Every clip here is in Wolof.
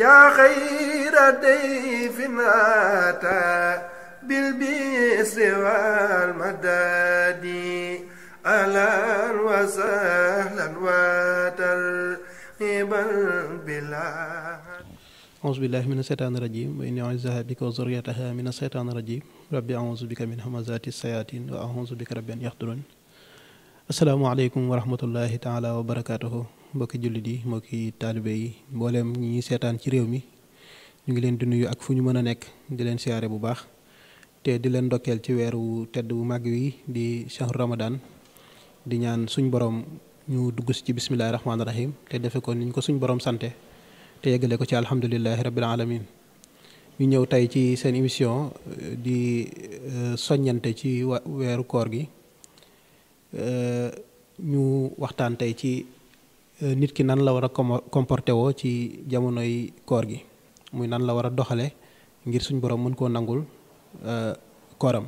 yaa xayra dayfin ataa bil bisri wal madadi ahlan wa sahlan wa tarhiban bilaa auzu billahi min aseytaani rajim wa inni u'iizuha bika wa zurriyataha min aseytaani rajim rabbi auzu bika min hamazaati sayaatin wa auzu bika rabbi an yaxduruun assalaamu aleykum wa rahmatullahi taala wa barakaatuhu mbokki jullit yi mbokki taalibe yi mbooleem ñi seetaan ci réew ñu ngi leen di nuyu ak fu ñu mën a nekk di leen siyaare bu baax te di leen ndokkeel ci weeru tedd bu màgg wi di shahru ramadan di ñaan suñ borom ñu dugg si ci bismillahi rahmaani rahim te defe ko niñ ko suñ borom sante te yeggale ko ci alhamdulilahi rabbil alamin ñu ñëw tey ci seen émission eh, di eh, soññante ci weeru koor gi eh, ñu waxtaan tey ci Euh, nit ki nan la war a comporté woo ci jamonoy koor gi muy nan la war a doxale ngir suñ borom mën koo nangul euh, kooram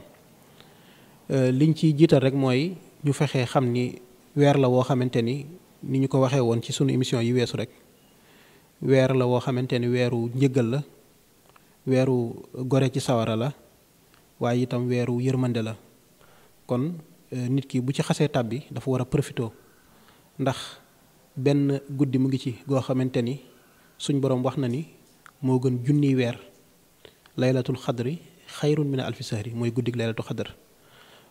euh, liñ ci jiital rek mooy ñu fexe xam ni weer la woo xamante ni ni ñu ko waxee woon ci sunu émission yi weesu rek weer la woo xamante ni weeru njëggal la weeru gore ci sawara la waaye itam weeru yërmande la kon nit ki bu ci xasee tàbbi dafa war a profité ndax benn guddi mu ngi ci goo xamante ni suñ boroom wax na ni moo gën junniy weer laylatul xadri xayrun min alfi sahri mooy guddi guddik laylatul xadr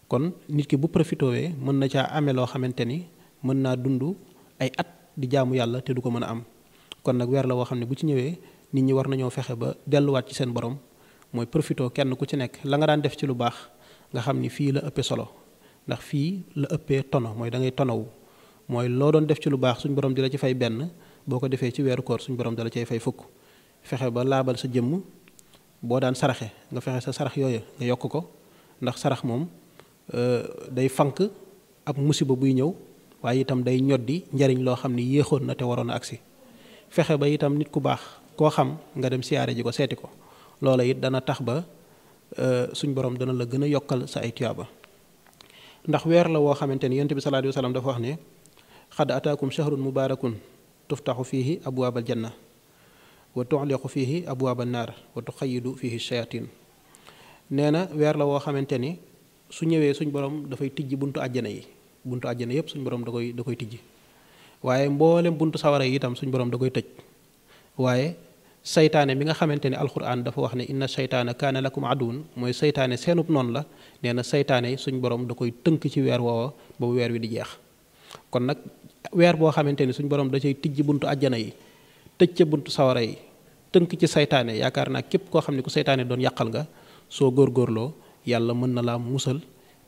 kon nit ki bu wee mën na caa amee loo xamante ni mën naa dund ay at di jaamu yàlla te du ko mën a am kon nag weer la woo xam ne bu ci ñëwee nit ñi war nañoo fexe ba delluwaat ci seen borom mooy profito kenn ku ci nekk la nga daan def ci lu baax nga xam ni fii la ëppee solo ndax fii la ëppee tono mooy da ngay tonowu mooy loo doon def ci lu baax suñ borom di la ci fay benn boo ko defee ci weeru suñ borom dala cay fay fexe ba laabal sa jëmm boo daan saraxe nga fexe sa sarax yooyu nga yokk ko ndax sarax moom euh, day fank ab musiba buy ñëw waaye itam day ñoddi njariñ loo xam ni yéexoon na te waroon a agsi fexe ba itam nit ku baax koo xam nga dem siyaare ji ko seeti ko loola it dana tax ba euh, suñ borom dana la gën a yokkal sa ay tuyaaba ndax weer la woo xamante ni yonent bi sallallahu alayhi wasallam dafa wax ne xad ataakum shahrun mubaarakun tuftaxu fiihi abwaabal janna wa tuxliqu fiihi abwaabal naar wa tuxayidu fiihi shayatin nee na weer la woo xamante ni su ñëwee suñ borom dafay tijji buntu àjjana yi buntu àjjana yépp suñ borom da koy da koy tijji waaye mboolem buntu sawara yi itam suñ borom da koy tëj waaye seytaane mi nga xamante ni ne alxuraan dafa wax ne inna seytaana kaana lakum aduun mooy seytaane seenub noonu la nee na seytaane suñ borom da koy tënk ci weer woowa ba weer wi di jeex kon nag weer boo xamante ni suñ borom da cay tijji buntu àjjana yi tëj ca buntu sawara yi tënk ci saytaane yaakaar naa képp koo xam ne ku seytaane doon yàqal nga soo góor góorloo yàlla mën na laa musal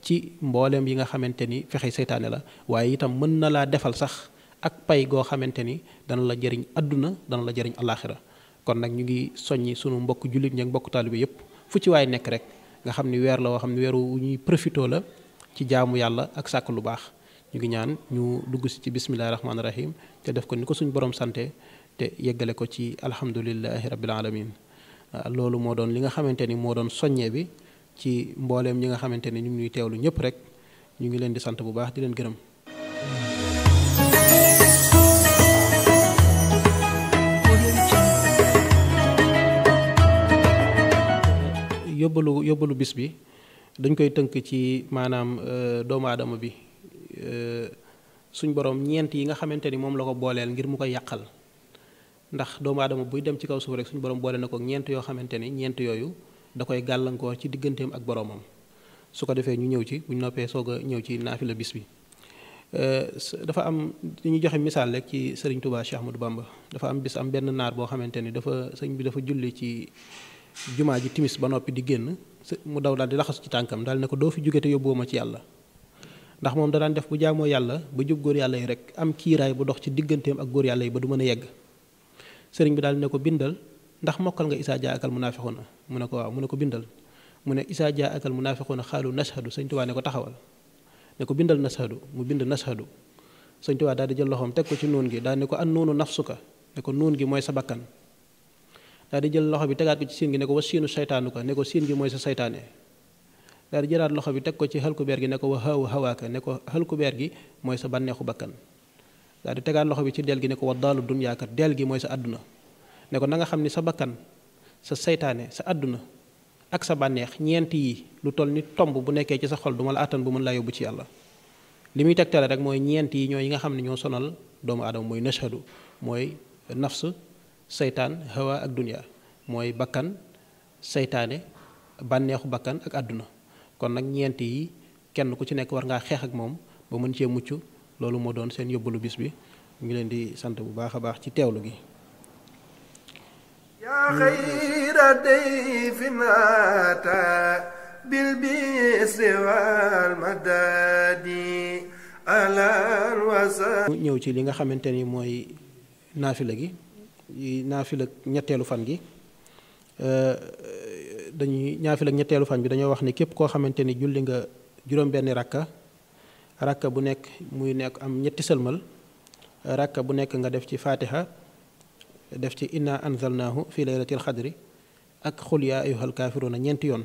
ci mboolem yi nga xamante ni fexe seytaane la waaye itam mën na laa defal sax ak pay goo xamante ni dana la jëriñ àdduna dana la jariñ alaaxira kon nag ñu ngi soññi sunu mbokk jullit ñi ak mbokk taalibe yépp fu ci waay nekk rek nga xam ni weer la woo xam ne weeru ñuy profitoo la ci jaamu yàlla ak sàkk lu baax ñu ngi ñaan ñu dugg si ci bismillahi rahmaani rahim te def ko ni ko suñu boroom sante te yeggale ko ci alhamdulilahi rabbil alamin ah, loolu moo doon li nga xamante ni moo doon soññee bi ci mbooleem ñi nga xamante ni ñu ngi ñuy teewlu ñëpp rek ñu ngi leen di sant bu baax di leen gërëm yóbbalu yóbbalu bis bi dañ koy tënk ci maanaam euh, doomu aadama bi Euh, suñ borom ñeent yi nga xamante ni moom la ko booleel ngir mu koy yàqal ndax doomu aadama buy dem ci kaw suuf rek suñu borom boole na ko ñeent yoo xamante ni ñeent yooyu da koy gàllankoor ci digganteem ak boromam su ko defee ñu ñëw ci bu ñu noppee soog a ñëw ci naafila bis bi. Euh, dafa am ñu joxe misaal rek ci Serigne Touba Cheikh Ahmadou Bamba dafa am bis am benn naar boo xamante ni dafa sëñ bi dafa julli ci jumaa ji timis ba noppi di génn mu daw daal di laxasu ci tànkam daal ne ko doo fi jóge te ma ci yàlla. ndax moom da def bu jaamoo yàlla ba jub góor yàlla yi rek am kiiraay bu dox ci digganteem ak góor yàlla yi ba du mën a yegg sëriñ bi daal ne ko bindal ndax mokkal nga isaa jaa akal na mu ne ko waaw mu ne ko bindal mu ne isaa jaa akal munaafiquna xaalu nashhadu sëñ Tuubaa ne ko taxawal ne ko bindal nashhadu mu bind nashhadu sëñ Tuubaa daal di jël loxoom teg ko ci nuun gi daal ne ko an nuunu nafsuka ne ko nuun gi mooy sa bakkan daal di jël bi tegaat ko ci siin gi ne seytaanu ka ne mooy sa seytaane daal di jëlaat loxo bi teg ko ci xalkubeer gi ne ko wa haw hawaaka ne ko xalkubeer gi mooy sa bànneexu bàkkan daal loxo bi ci del gi ne ko wa daalu dunyaaka del gi mooy sa àdduna ne ko nanga xam ni sa bakkan sa seytaane sa àdduna ak sa bànneex ñeent yi lu toll ni tomb bu nekkee ci sa xol du ma la àttan bu mën laa yóbbu ci yàlla li muy teg tegtale rek mooy ñeent yi ñoo yi nga xam ne ñoo sonal doomu aadama mooy nashadu mooy nafs seytaan hawa ak dunya mooy bakkan seytaane bànneexu bakkan ak àdduna kon nag ñeent yi kenn ku ci nekk war ngaa xeex ak moom ba mën cee mucc loolu moo doon seen yóbbalu bis bi ñu leen di sant bu baax a baax ci teewlu gi yaa xayra dayfin ataa bil bisri wal madadi alan wasa ñëw ci li nga xamante ni mooy naafila gi naafila ñetteelu fan gi dañuy ñaafil ak ñetteelu fañ bi dañoo wax ni képp koo xamante ni julli nga juróom-benni rakka rakka bu nekk muy nekk am ñetti sëlmal rakka bu nekk nga def ci fatiha def ci inna anzalnaahu fi laylatil xadri ak xul yaa ayyuhal ñeenti yoon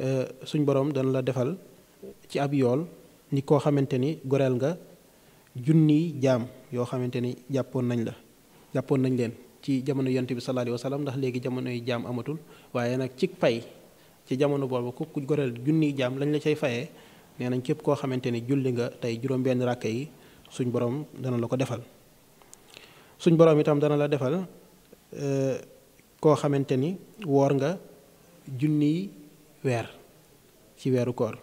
euh, suñ borom dana la defal ci ab yool ni koo xamante ni goreel nga junniy jaam yoo xamante ni jàppoon nañ la jàppoon nañ leen ci jamono yonte bi sallallahu alayhi ndax léegi jamonoy jaam amatul waaye nag cig pay ci jamono boobu ku goreel junniy jaam lañ la say fayee nee nañ képp koo xamante ni julli nga tey juróom-benn ràkk yi suñ boroom dana la ko defal suñ boroom itam dana la defal euh, koo xamante ni woor nga junniy weer ci weeru koor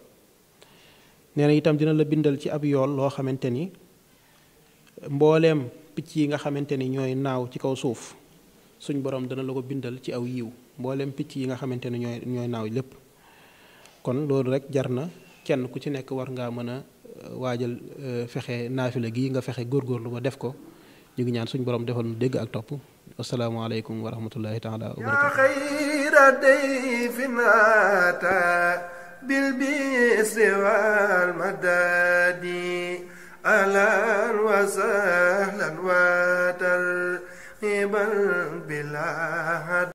nee na itam dina la bindal ci ab yool loo xamante ni mbooleem picc yi nga xamante ni ñooy naaw ci kaw suuf suñ borom dana la ko bindal ci aw yiw mboolem picc yi nga xamante ne ñooy ñooy naaw lépp kon loolu rek jar na kenn ku ci nekk war ngaa mën a euh, waajal euh, fexe naafila gii nga fexe góorgóorlu ba def ko ñu ngi ñaan suñ borom defal nu dégg ak topp asalaamaaleykum wa rahmatullahi taala wa barakaatu xayra day finaata bil bi siwal madadi أهلا وسهلا وترحيبا بلا حد